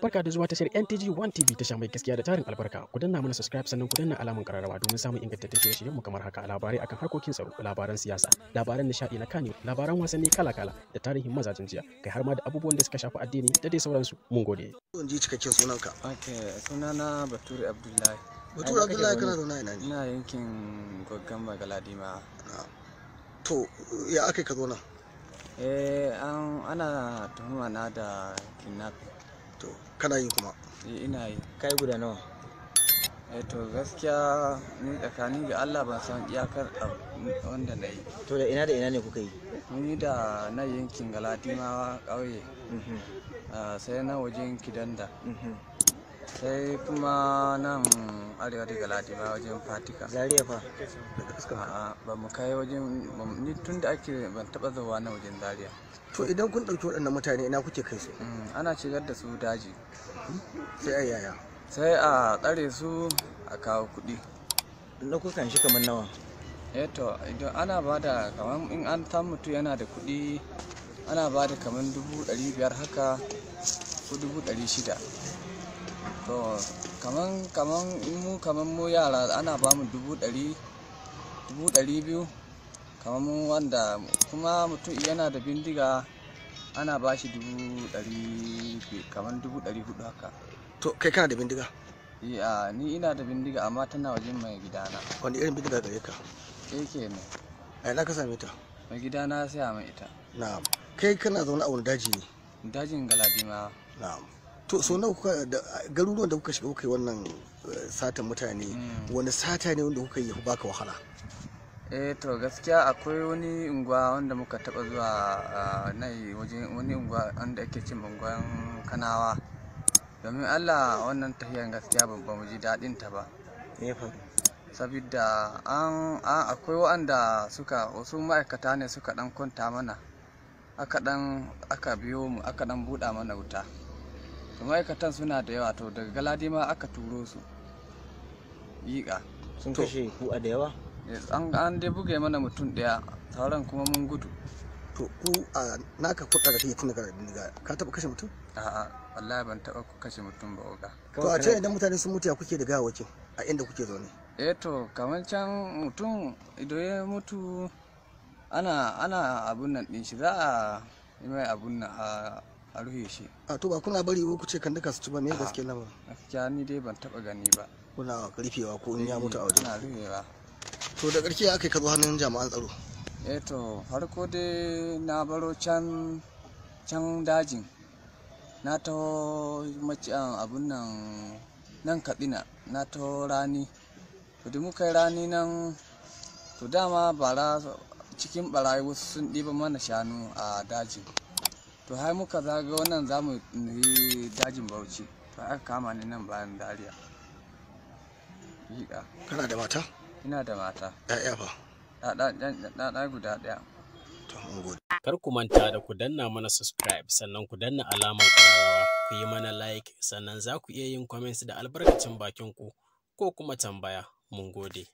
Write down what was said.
Barka da zuwa tashar NTG 1 TV sha mai gaskiya da tarin albarka. Ku danna mana subscribe sannan ku danna alamun kararrawa domin samun ingantaccen shirye mu kamar haka labarai akan harkokin tsaro, labaran siyasa, labaran nishadi na kani, labaran wasanni kala-kala da tarihin mazajen jiya, kai har ma da abubuwan da suka shafi addini da dai sauransu. Mun gode. Zan ji cikakken sunanka. Okay, sunana Baturi Abdullahi. Baturi Abdullahi kana zauna ina ne? Ina yankin Goggan Bagaladima. To, ya aka ka zo nan? eh ana tuhuma na da kidnapping to kana yi kuma eh, ina yi kai guda nawa eh to gaskiya ni tsakanin ga Allah ban san iyakar wanda na yi to da ina da ina ne kuka yi ni da na yankin galatimawa ƙauye mhm. ah, sai na wajen kidanda mhm. sai kuma nan arewa daga ladiba wajen fatika zariya fa ba mu kai wajen ni tun da ake ban taba zuwa na wajen zariya to idan kun ɗauki waɗannan mutane ina kuke kai su mm, ana shigar da su daji sai a yaya sai a tsare su a kawo kuɗi na kan shi kamar nawa eto eh idan ana ba da kamar in an san mutu yana da kuɗi ana ba da kamar dubu ɗari biyar haka ko dubu ɗari shida to kaman kaman mu kaman mu yara ana ba mu dubu ɗari dubu ɗari biyu kaman mu wanda kuma mutum yana da bindiga ana ba shi dubu ɗari kaman dubu ɗari hudu haka to kai kana da bindiga iya ni ina da bindiga amma tana wajen mai gidana wani irin bindiga gare ka eh kenan a ina ka same ta mai gidana sai a mai ita na'am kai kana zaune a wani daji ne dajin galadima na'am to so na kuka garuruwan da kuka shiga kuka yi wannan eh, satan mutane hmm. wani sata ne wanda kuka yi baka wahala eh to gaskiya akwai wani unguwa wanda muka taba zuwa ah, nan wajen wani unguwa wanda ake cin bangon kanawa domin allah wannan tahiyar gaskiya ba mu ji daɗin ta ba sabida an akwai waɗanda suka wasu ma'aikata ne suka ɗan kwanta mana aka ɗan aka biyo mu aka ɗan buɗa mana wuta to ma'aikatan suna da yawa to daga galadi ma aka turo su yiƙa sun kashe ku a da yawa an dai buge mana mutum daya sauran kuma mun gudu to ku a naka kuɗa da kake tuna daga ka taɓa kashe mutum a'a wallahi ban taɓa kashe mutum ba oga to a ce idan mutane sun mutu ya kuke da gawakin a inda kuke zaune eh to kamar can mutum idan ya mutu ana ana abun nan din shi za a yi mai abun nan a a rufe shi a to ba kuna bari ku ce kan duka su ci ba me gaske lamarin gaskiya ni dai ban taba gani ba kuna rufewa ko in ya eh, mutu a wajen kuna rufewa to da karki aka kai zo hannun jami'an tsaro eh to farko dai na baro can can dajin na taho an ah, abun nan nan kadina na taho rani to da muka yi rani nan to dama bara cikin barayi wasu sun ɗiba mana shanu a dajin to hai muka zaga wannan za mu yi dajin bauchi to aka kama ni nan bayan dariya yiƙa kana da mata ina da mata ɗaya fa ɗaɗa guda ɗaya kar ku manta da ku danna mana subscribe sannan ku danna alamar ƙararrawa ku yi mana like sannan za ku iya yin comments da albarkacin bakin ku ko kuma tambaya mun gode